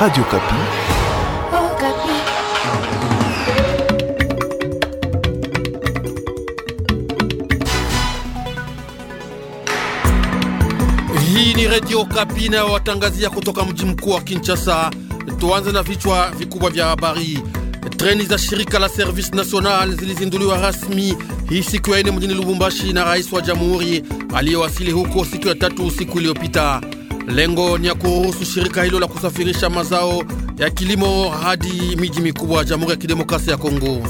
Radio Kapi. Oh, Kapi. Hii ni Radio Kapi na watangazia kutoka mji mkuu wa Kinshasa. Tuanze na vichwa vikubwa vya habari. Treni za shirika la Service National zilizinduliwa rasmi hii siku ya ine mjini Lubumbashi na rais wa jamhuri aliyewasili huko siku ya tatu usiku iliyopita. Lengo ni ya kuruhusu shirika hilo la kusafirisha mazao ya kilimo hadi miji mikubwa ya Jamhuri ya Kidemokrasia ya Kongo.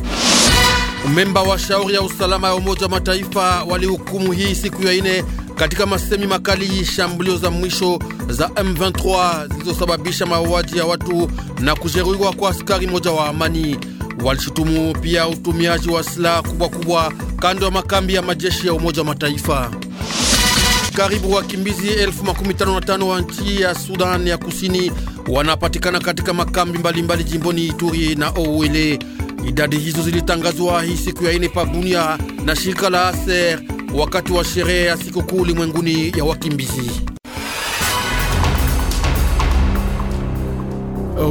Memba wa shauri ya usalama ya Umoja wa Mataifa walihukumu hii siku ya ine katika masemi makali shambulio za mwisho za M23 zilizosababisha mauaji ya watu na kujeruhiwa kwa askari mmoja wa amani. Walishutumu pia utumiaji wa silaha kubwa kubwa kando ya makambi ya majeshi ya Umoja wa Mataifa. Karibu wakimbizi elfu makumi tano na tano wa nchi ya Sudan ya Kusini wanapatikana katika makambi mbalimbali mbali jimboni Ituri na Ouele. Idadi hizo zilitangazwa hii siku ya ine pa na shirika la ASER wakati wa sherehe ya sikukuu ulimwenguni ya wakimbizi.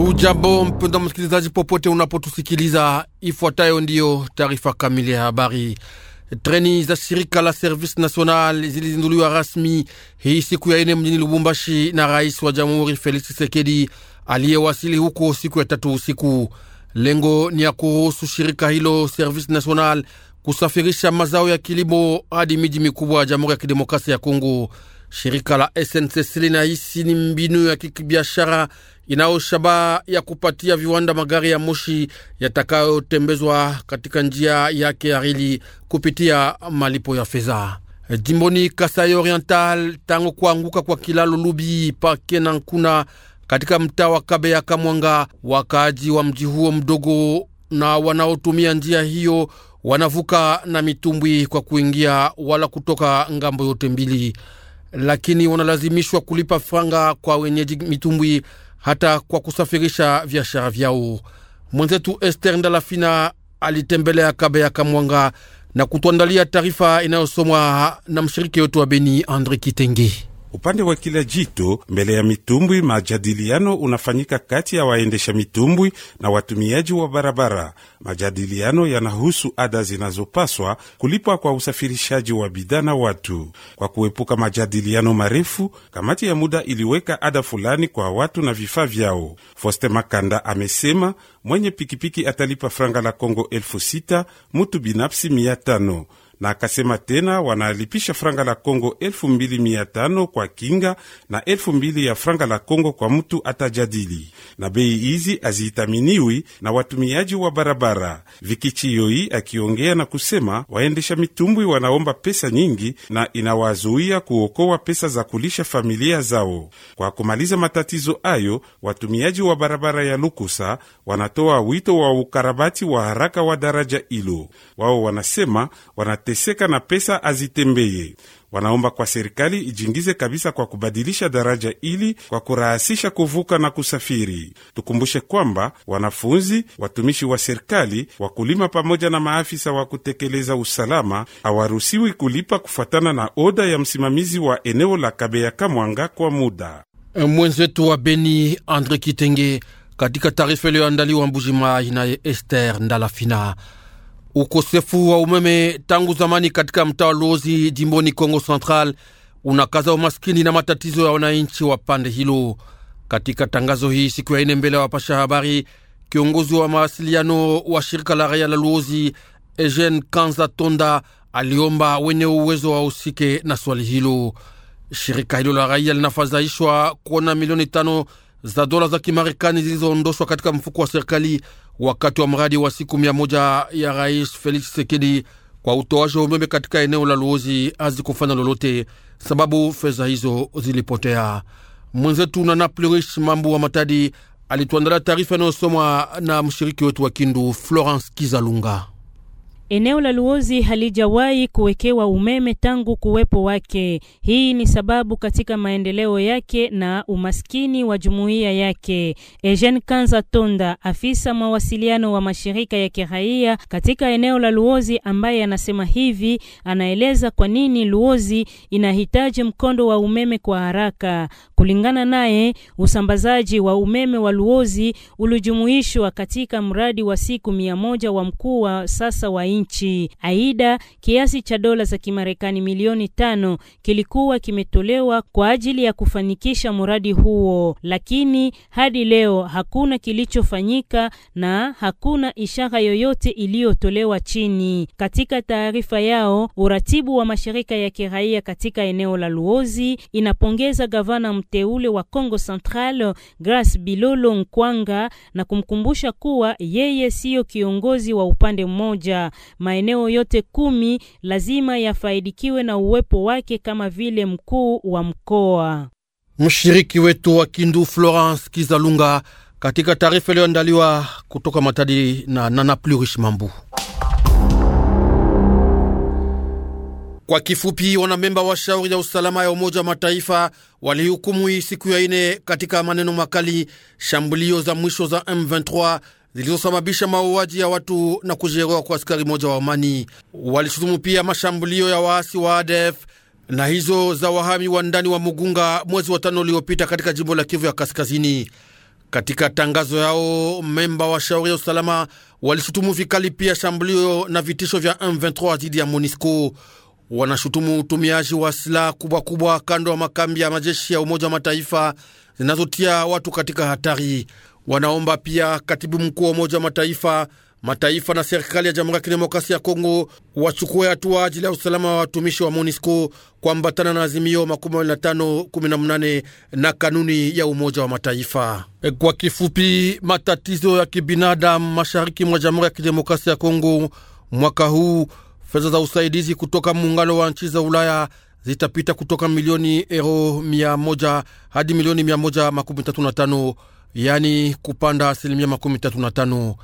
Ujambo mpenda msikilizaji, popote unapotusikiliza, ifuatayo ndiyo taarifa kamili ya habari. Treni za shirika la Service National zilizinduliwa rasmi hii siku ya ine mjini Lubumbashi na rais wa jamhuri Felix Tshisekedi aliyewasili huko siku ya tatu usiku. Lengo ni ya kuruhusu shirika hilo Service National kusafirisha mazao ya kilimo hadi miji mikubwa ya Jamhuri ya Kidemokrasia ya Kongo. Shirika la SNCC linahisi ni mbinu ya kibiashara inayo shabaha ya kupatia viwanda magari ya moshi yatakayotembezwa katika njia yake ya reli kupitia malipo ya fedha. Jimboni Kasai Oriental, tangu kuanguka kwa kilalo Lubi pake na Nkuna katika mtaa wa Kabe ya Kamwanga, wakaaji wa mji huo mdogo na wanaotumia njia hiyo wanavuka na mitumbwi kwa kuingia wala kutoka ngambo yote mbili lakini wanalazimishwa kulipa franga kwa wenyeji mitumbwi hata kwa kusafirisha biashara vyao. Mwenzetu Ester Ndalafina alitembelea Kabe ya Kamwanga na kutuandalia taarifa inayosomwa na mshiriki wetu wa Beni Andre Kitenge upande wa kila jito mbele ya mitumbwi. Majadiliano unafanyika kati ya waendesha mitumbwi na watumiaji wa barabara. Majadiliano yanahusu ada zinazopaswa kulipwa kwa usafirishaji wa bidhaa na watu. Kwa kuepuka majadiliano marefu, kamati ya muda iliweka ada fulani kwa watu na vifaa vyao. Foste Makanda amesema mwenye pikipiki atalipa franga la Kongo elfu sita, mutu binafsi mia tano na akasema tena wanalipisha franga la Kongo 25 kwa kinga na 2 ya franga la Kongo kwa mtu atajadili, na bei hizi haziitaminiwi na watumiaji wa barabara. Yoi akiongea na kusema waendesha mitumbwi wanaomba pesa nyingi na inawazuia kuokoa pesa za kulisha familia zao. Kwa kumaliza matatizo hayo, watumiaji wa barabara ya Lukusa wanatoa wito wa ukarabati wa haraka wa daraja hilo. Wao wanasema wanat wanateseka na pesa azitembeye. Wanaomba kwa serikali ijingize kabisa kwa kubadilisha daraja ili kwa kurahisisha kuvuka na kusafiri. Tukumbushe kwamba wanafunzi, watumishi wa serikali, wakulima pamoja na maafisa wa kutekeleza usalama hawaruhusiwi kulipa kufuatana na oda ya msimamizi wa eneo la Kabeya Kamwanga kwa muda. Mwenzetu wa Beni Andre Kitenge katika taarifa iliyoandaliwa Mbujimai naye Ester Ndalafina. Ukosefu wa umeme tangu zamani katika mtaa Lozi jimboni Kongo Central unakaza umaskini na matatizo ya wananchi wa pande hilo. Katika tangazo hii siku ya ine mbele ya wapasha habari, kiongozi wa mawasiliano wa shirika la raia la Luozi Eugene Kanza Tonda aliomba wenye uwezo wa usike na swali hilo. Shirika hilo la raia linafadhaishwa kuona milioni tano za dola za Kimarekani zilizoondoshwa katika mfuko wa serikali wakati wa mradi wa siku mia moja ya Rais Felix Tshisekedi kwa utoaji wa umeme katika eneo la Luozi hazikufanya lolote, sababu fedha hizo zilipotea. Mwenzetu na Naplurish Mambu wa Matadi alituandalia taarifa inayosomwa na mshiriki wetu wa Kindu Florence Kizalunga. Eneo la Luozi halijawahi kuwekewa umeme tangu kuwepo wake. Hii ni sababu katika maendeleo yake na umaskini wa jumuiya yake. Eugene Kanza Tonda, afisa mawasiliano wa mashirika ya kiraia katika eneo la Luozi, ambaye anasema hivi, anaeleza kwa nini Luozi inahitaji mkondo wa umeme kwa haraka. Kulingana naye, usambazaji wa umeme wa Luozi ulijumuishwa katika mradi wa siku mia moja wa mkuu wa sasa wa nchi. Aidha, kiasi cha dola za Kimarekani milioni tano kilikuwa kimetolewa kwa ajili ya kufanikisha mradi huo, lakini hadi leo hakuna kilichofanyika na hakuna ishara yoyote iliyotolewa chini. Katika taarifa yao, uratibu wa mashirika ya kiraia katika eneo la Luozi inapongeza gavana mteule wa Kongo Central Grace Bilolo Nkwanga na kumkumbusha kuwa yeye siyo kiongozi wa upande mmoja maeneo yote kumi lazima yafaidikiwe na uwepo wake kama vile mkuu wa mkoa. Mshiriki wetu wa Kindu Florence Kizalunga katika taarifa iliyoandaliwa kutoka Matadi na Nana Plurish Mambu. Kwa kifupi, wanamemba wa shauri ya usalama ya Umoja wa Mataifa walihukumu hii siku ya ine katika maneno makali shambulio za mwisho za M23 zilizosababisha mauaji ya watu na kujeruhiwa kwa askari moja wa amani. Walishutumu pia mashambulio ya waasi wa ADF na hizo za wahami wa ndani wa Mugunga mwezi wa tano uliopita katika jimbo la Kivu ya Kaskazini. Katika tangazo yao, memba wa shauri ya usalama walishutumu vikali pia shambulio na vitisho vya M23 dhidi ya MONUSCO. Wanashutumu utumiaji wa silaha kubwa kubwa kando ya makambi ya majeshi ya Umoja wa Mataifa zinazotia watu katika hatari. Wanaomba pia katibu mkuu wa Umoja wa Mataifa, mataifa na serikali ya Jamhuri ya Kidemokrasia ya Kongo wachukue hatua ajili ya usalama wa watumishi wa MONUSCO kuambatana na azimio 2518 na kanuni ya Umoja wa Mataifa. E, kwa kifupi, matatizo ya kibinadamu mashariki mwa Jamhuri ya Kidemokrasia ya Kongo mwaka huu, fedha za usaidizi kutoka muungano wa nchi za Ulaya zitapita kutoka milioni ero 100 hadi milioni 135 yani kupanda asilimia makumi tatu na tano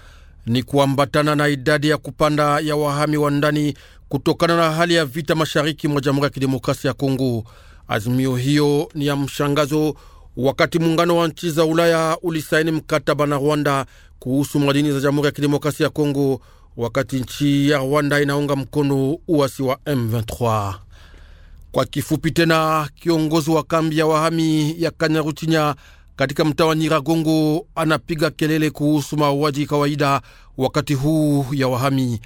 ni kuambatana na idadi ya kupanda ya wahami wa ndani kutokana na hali ya vita mashariki mwa Jamhuri ya Kidemokrasia ya Kongo. Azimio hiyo ni ya mshangazo wakati muungano wa nchi za Ulaya ulisaini mkataba na Rwanda kuhusu madini za Jamhuri ya Kidemokrasia ya Kongo, wakati nchi ya Rwanda inaunga mkono uasi wa M23. Kwa kifupi tena, kiongozi wa kambi ya wahami ya Kanyaruchinya katika mtaa wa Nyiragongo anapiga kelele kuhusu mauaji kawaida wakati huu ya wahami.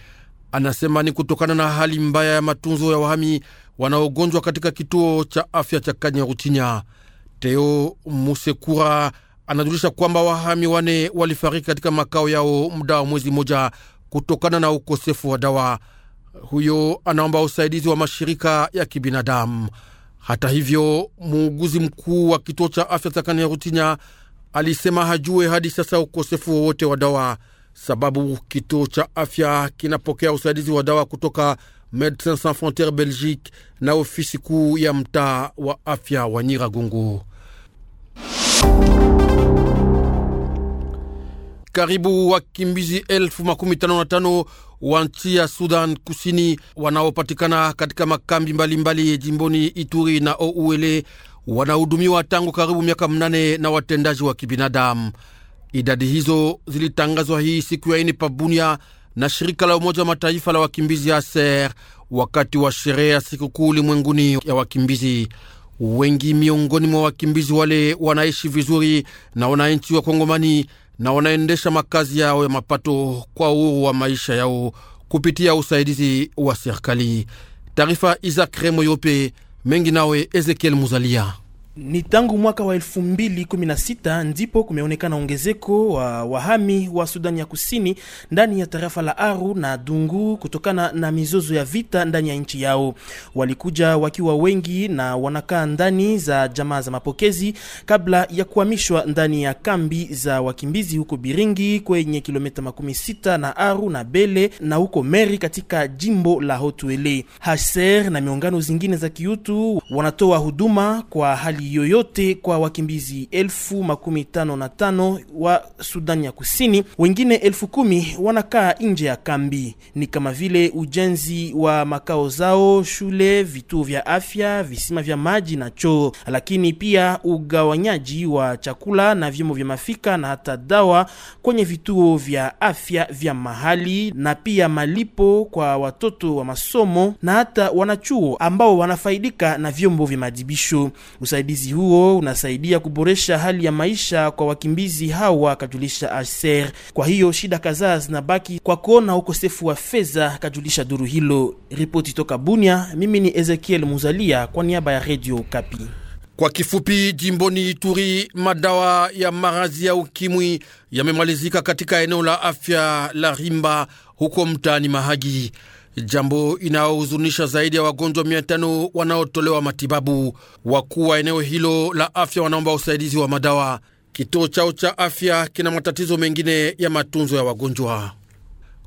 Anasema ni kutokana na hali mbaya ya matunzo ya wahami wanaogonjwa katika kituo cha afya cha Kanyaruchinya. Teo Musekura anajulisha kwamba wahami wane walifariki katika makao yao muda wa mwezi mmoja kutokana na ukosefu wa dawa. Huyo anaomba usaidizi wa mashirika ya kibinadamu. Hata hivyo, muuguzi mkuu wa kituo cha afya sakani ya Rutinya alisema hajue hadi sasa ukosefu wowote wa dawa, sababu kituo cha afya kinapokea usaidizi wa dawa kutoka Medecins Sans Frontieres Belgique na ofisi kuu ya mtaa wa afya wa Nyiragongo karibu wakimbizi elfu makumi tano na tano wa nchi ya Sudan Kusini wanaopatikana katika makambi mbalimbali mbali, jimboni Ituri na Ouele wanahudumiwa tangu karibu miaka mnane na watendaji wa kibinadamu. Idadi hizo zilitangazwa hii siku ya ine pabunia na shirika la Umoja wa Mataifa la wakimbizi ASER wakati wa sherehe ya sikukuu ulimwenguni ya wakimbizi. Wengi miongoni mwa wakimbizi wale wanaishi vizuri na wananchi wa Kongomani na wanaendesha makazi yao ya mapato kwa uhuru wa maisha yao kupitia usaidizi wa serikali. Taarifa Isaac Remo Yope mengi nawe Ezekiel Muzalia. Ni tangu mwaka wa 2016 ndipo kumeonekana ongezeko wa wahami wa Sudani ya Kusini ndani ya tarafa la Aru na Dungu kutokana na mizozo ya vita ndani ya nchi yao. Walikuja wakiwa wengi na wanakaa ndani za jamaa za mapokezi kabla ya kuhamishwa ndani ya kambi za wakimbizi huko Biringi kwenye kilomita 16 na Aru na Bele na huko Meri katika jimbo la Hotuele. HCR na miungano zingine za kiutu wanatoa huduma kwa hali yoyote kwa wakimbizi elfu makumi tano na tano wa Sudani ya Kusini, wengine elfu kumi wanakaa nje ya kambi, ni kama vile ujenzi wa makao zao, shule, vituo vya afya, visima vya maji na choo, lakini pia ugawanyaji wa chakula na vyombo vya mafika na hata dawa kwenye vituo vya afya vya mahali, na pia malipo kwa watoto wa masomo na hata wanachuo ambao wanafaidika na vyombo vya madibisho usaidizi Usaidizi huo unasaidia kuboresha hali ya maisha kwa wakimbizi hawa, kajulisha Aser. Kwa hiyo shida kadhaa zinabaki kwa kuona ukosefu wa fedha, kajulisha duru hilo. Ripoti toka Bunia, mimi ni Ezekiel Muzalia kwa niaba ya Radio Kapi. Kwa kifupi, jimboni Ituri, madawa ya maradhi ya ukimwi yamemalizika katika eneo la afya la Rimba huko mtaani Mahagi jambo inayohuzunisha zaidi ya wagonjwa mia tano wanaotolewa matibabu. Wakuu wa eneo hilo la afya wanaomba usaidizi wa madawa. Kituo chao cha afya kina matatizo mengine ya matunzo ya wagonjwa.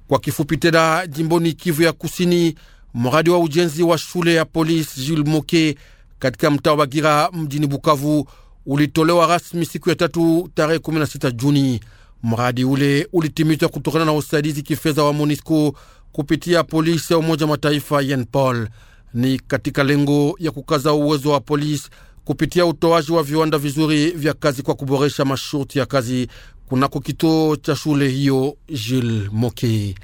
Kwa kifupi tena, jimboni Kivu ya Kusini, mradi wa ujenzi wa shule ya polisi Jules Moke katika mtaa wa Gira mjini Bukavu ulitolewa rasmi siku ya tatu tarehe 16 Juni. Mradi ule ulitimizwa kutokana na usaidizi kifedha wa MONUSCO kupitia polisi ya Umoja Mataifa paul Ni katika lengo ya kukaza uwezo wa polisi kupitia utoaji wa viwanda vizuri vya kazi kwa kuboresha masharti ya kazi kunako kituo cha shule hiyo Jil moke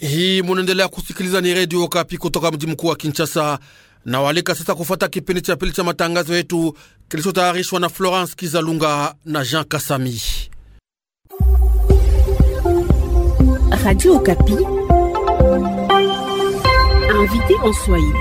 Hii munaendelea kusikiliza, ni Redio Kapi kutoka mji mkuu wa Kinshasa na walika sasa kufata kipindi cha pili cha matangazo yetu kilichotayarishwa na Florence Kizalunga na Jean Kasami, Radio Kapi. Invité en Swahili.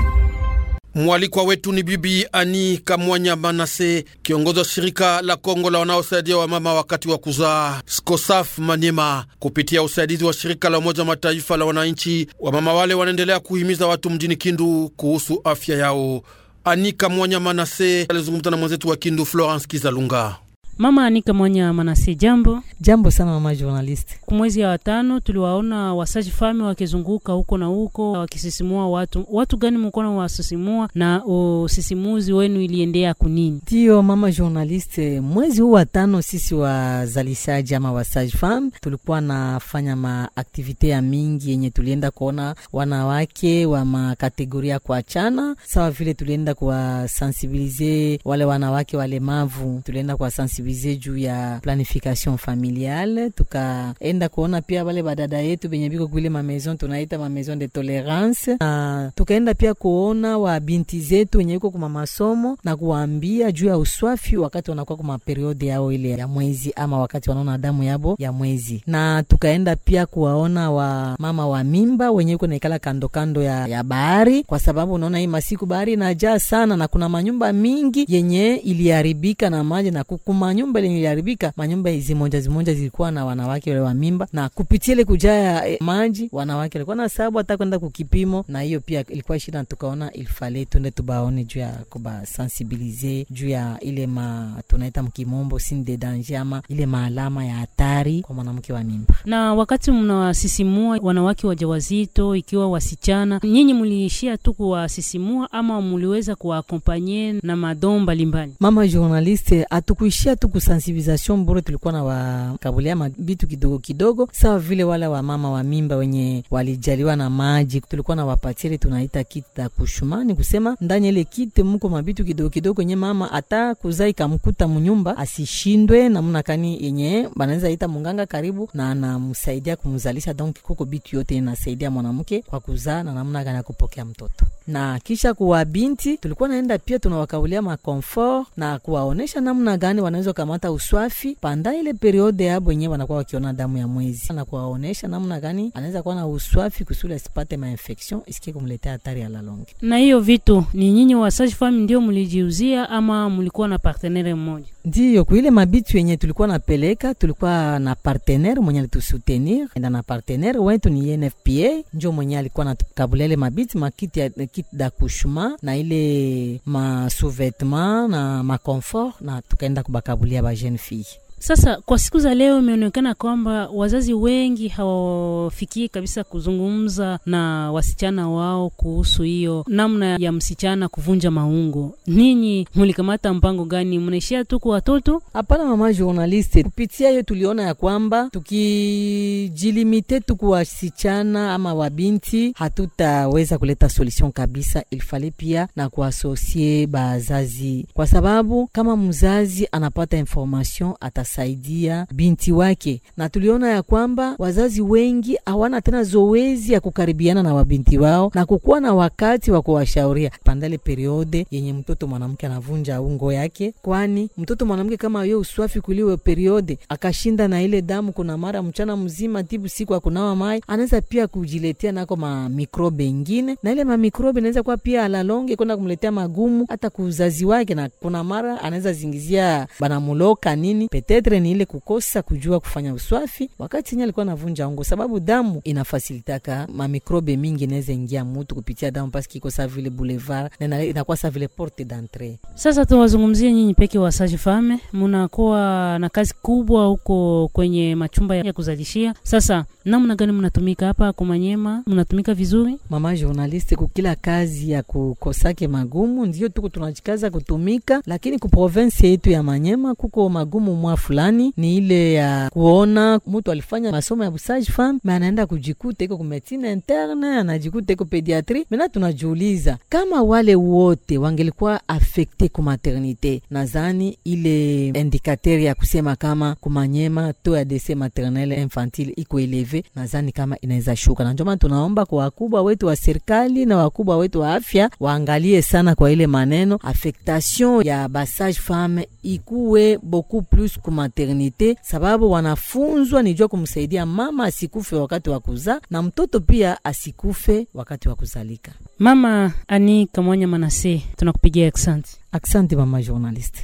Mwalikwa wetu ni Bibi Ani Kamwanya Manase, kiongozi wa shirika la Kongo la wanaosaidia wamama wakati wa kuzaa skosaf Manyema. Kupitia usaidizi wa shirika la Umoja Mataifa la wananchi, wamama wale wanaendelea kuhimiza watu mjini Kindu kuhusu afya yao. Ani Kamwanya Manase alizungumza na mwenzetu wa Kindu, Florence Kizalunga. Mama Anika Mwanya Manase, jambo. Jambo sana mama journalist. Kumwezi ya watano tuliwaona wasaji fami wakizunguka huko na huko wakisisimua watu. Watu gani mkono wasisimua na usisimuzi wenu iliendea kunini? Ndio mama journalist, mwezi huu watano sisi wazalishaji ama wasaji fami tulikuwa nafanya maaktivite ya mingi yenye tulienda kuona wanawake wa makategoria kuachana, sawa vile tulienda kuwasensibilize wale wanawake walemavu, tulienda kuwasensibilize tukawasensibilize juu ya planification familiale, tukaenda kuona pia wale badada yetu benye biko kuile maison tunaita maison de tolerance, na tukaenda pia kuona wa binti zetu wenye iko kuma masomo na kuwambia juu ya uswafi wakati wanakuwa kuma periode yao ile ya mwezi, ama wakati wanaona damu yabo ya mwezi, na tukaenda pia kuwaona wa mama wa mimba wenye iko naikala kando kando ya, ya bahari, kwa sababu unaona hii masiku bahari inajaa sana na kuna manyumba mingi yenye iliharibika na maji na kukuma manyumba lenye iliharibika, manyumba zimoja zimoja zilikuwa na wanawake wale wa mimba, na kupitia ile kujaya eh, maji, wanawake walikuwa na sababu hata kwenda kukipimo, na hiyo pia ilikuwa shida, tukaona ilfale tuende tubaone juu ya kubasensibilize juu ya ile ma tunaita mkimombo sin de danger, ama ile maalama ya hatari kwa mwanamke wa mimba. Na wakati mnawasisimua wanawake wajawazito, ikiwa wasichana, nyinyi mliishia tu kuwasisimua ama muliweza kuwaakompanye na madoo mbalimbali? Mama journaliste, hatukuishia tu kusensibilisation bure, tulikuwa na wakabulia mabitu kidogo kidogo, sawa vile wa wamama wa mimba wenye walijaliwa na maji, tulikuwa na wapatiele tunaita kiti ta kushumani, kusema ndani ile kiti muko mabitu kidogo kidogo yenye mama ata kuzai kamkuta munyumba asishindwe namna kani yenye banaweza ita munganga karibu na anamsaidia kumzalisha. Donc kuko bitu yote inasaidia mwanamke kwa kuzaa na namna gani ya kupokea mtoto na kisha kuwa binti tulikuwa naenda pia tunawakaulia makomfort na kuwaonesha namna gani wanaweza kamata uswafi panda ile periode yabo yenyewe wanakuwa wakiona damu ya mwezi, na kuwaonesha namna gani anaweza kuwa na uswafi kusudi asipate mainfection isikie kumletea hatari ya lalonge. Na hiyo vitu ni nyinyi wa sage femme ndio mlijiuzia ama mlikuwa na partenaire mmoja? Ndiyo, kuile mabitu yenye tulikuwa napeleka, tulikuwa na partenere mwenye alitusoutenir, na partenere wetu ni NFPA njo mwenye alikuwa natukabulia ile mabiti makiti ya kit d'accouchement na ile ma sous-vêtements na ma confort na tukaenda kubakabulia ba jeune fille Sasa kwa siku za leo imeonekana kwamba wazazi wengi hawafikii kabisa kuzungumza na wasichana wao kuhusu hiyo namna ya msichana kuvunja maungo. Ninyi mulikamata mpango gani? Mnaishia tu kwa watoto? Hapana mama journaliste, kupitia hiyo tuliona ya kwamba tukijilimite tu kwa wasichana ama wabinti hatutaweza kuleta solution kabisa. Ilifale pia na kuasosie bazazi, kwa sababu kama mzazi anapata information atas kumsaidia binti wake, na tuliona ya kwamba wazazi wengi hawana tena zoezi ya kukaribiana na wabinti wao na kukuwa na wakati wa kuwashauria pandale periode yenye mtoto mwanamke anavunja ungo yake, kwani mtoto mwanamke kama yo uswafi kuliwe periode akashinda na ile damu, kuna mara mchana mzima tibu siku akunawa mai, anaweza pia kujiletea nako mamikrobe ingine, na ile mamikrobe inaweza kuwa pia alalonge kwenda kumletea magumu hata kuzazi wake, na kuna mara anaweza zingizia banamuloka nini pete kadre ni ile kukosa kujua kufanya uswafi wakati nye alikuwa navunja ungo, sababu damu inafasilitaka mamikrobe mingi inaweza ingia mutu kupitia damu paski iko sa vile boulevard na inakuwa sa vile porte d'entre. Sasa tuwazungumzie nyinyi peke wa sage femme, munakuwa na kazi kubwa huko kwenye machumba ya kuzalishia. Sasa namna gani mnatumika hapa Kumanyema? Mnatumika vizuri mama journaliste, kukila kazi ya kukosake magumu, ndio tuko tunajikaza kutumika, lakini ku province yetu ya Manyema kuko magumu mwa fulani ni ile ya kuona mtu alifanya masomo ya busage femme me anaenda kujikuta iko ku medecine interne, anajikuta iko pediatri. Mena tunajiuliza kama wale wote wangelikuwa afekte ku maternite, nazani ile indikater ya kusema kama kumanyema to ya dese maternel infantile iko eleve, nazani kama inaweza shuka, na tunaomba kwa wakubwa wetu wa serikali na wakubwa wetu wa afya waangalie sana kwa ile maneno affectation ya basage femme ikuwe beaucoup plus ku kumaternite sababu wanafunzwa ni jua kumsaidia mama asikufe wakati wa kuzaa na mtoto pia asikufe wakati wa kuzalika. Mama Ani Kamwanya Manase, tunakupigia aksanti. Aksanti mama journalist.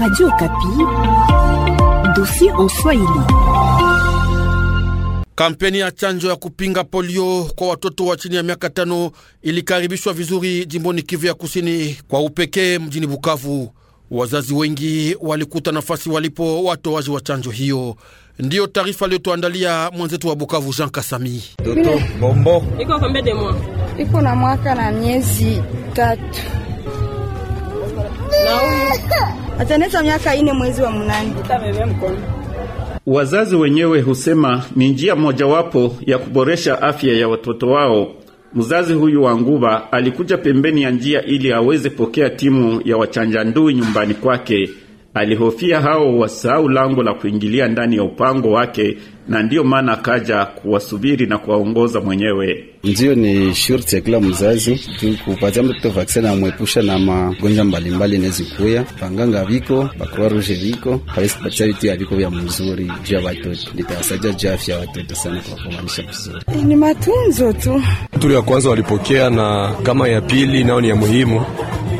Radio Kapi, dossier en Swahili. Kampeni ya chanjo ya kupinga polio kwa watoto wa chini ya miaka tano ilikaribishwa vizuri jimboni Kivu ya Kusini, kwa upekee mjini Bukavu. Wazazi wengi walikuta nafasi walipo watoaji wa chanjo hiyo. Ndiyo taarifa aliyotuandalia mwenzetu wa Bukavu, Jean Kasami. Toto Bombo iko na mwaka na miezi tatu miaka ine mwezi wa mnani Wazazi wenyewe husema ni njia mojawapo ya kuboresha afya ya watoto wao. Mzazi huyu wa Nguba alikuja pembeni ya njia ili aweze pokea timu ya wachanja ndui nyumbani kwake. Alihofia hao wasahau lango la kuingilia ndani ya upango wake na ndiyo maana akaja kuwasubiri na kuwaongoza mwenyewe. Ndio, ni shurti ya kila mzazi tukupatia mtoto vaksini, amwepusha na magonjwa mbalimbali kuya. Vanganga viko bakroa ruje viko paesipatariti aviko vya mzuri juu ya watoto, nitawasaidia juu afya ya watoto sana, kumaanisha vizuri. Eh, ni matunzo tu, tuli ya kwanza walipokea na kama ya pili nao ni ya muhimu,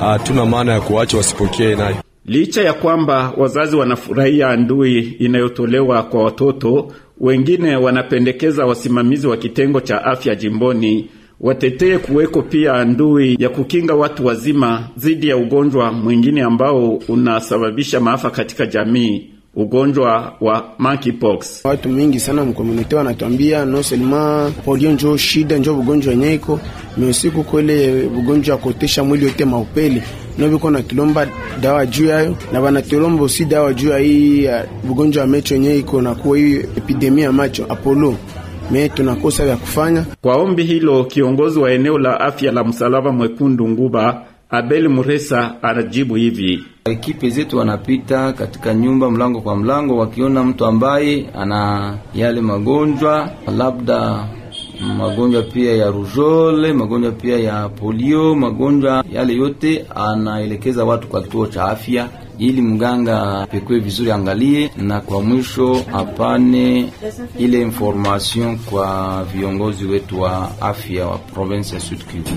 ah, hatuna maana ya kuwacha wasipokee nayo. Licha ya kwamba wazazi wanafurahia ndui inayotolewa kwa watoto, wengine wanapendekeza wasimamizi wa kitengo cha afya jimboni watetee kuweko pia ndui ya kukinga watu wazima dhidi ya ugonjwa mwingine ambao unasababisha maafa katika jamii ugonjwa wa monkeypox. Watu mingi sana mkomunite wanatuambia no selma polio njo shida njo bugonjwa nyeiko iko meusiku kwele bugonjwa ya mwili yote maupele no biko natulomba dawa juu yayo na banatulomba usi dawa juu ya hii bugonjwa ya macho yenye iko nakuwa hii epidemia macho apolo me tunakosa vya kufanya. Kwa ombi hilo, kiongozi wa eneo la afya la Msalaba Mwekundu Nguba Abel Muresa anajibu hivi: Ekipe zetu wanapita katika nyumba mlango kwa mlango, wakiona mtu ambaye ana yale magonjwa labda magonjwa pia ya rujole, magonjwa pia ya polio, magonjwa yale yote anaelekeza watu kwa kituo cha afya ili mganga pekwe vizuri, angalie na kwa mwisho apane ile information kwa viongozi wetu wa afya wa province ya Sud Kivu.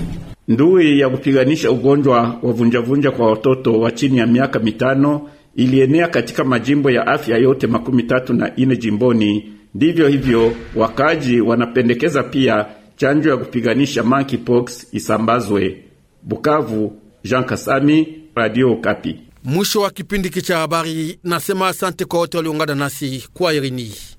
Ndui ya kupiganisha ugonjwa wa vunjavunja kwa watoto wa chini ya miaka mitano ilienea katika majimbo ya afya yote makumi tatu na ine jimboni. Ndivyo hivyo, wakaji wanapendekeza pia chanjo ya kupiganisha monkeypox isambazwe. Bukavu, Jean Kasami, Radio Kapi. Mwisho wa kipindi cha habari, nasema asante kwa wote waliungana nasi kwa irini.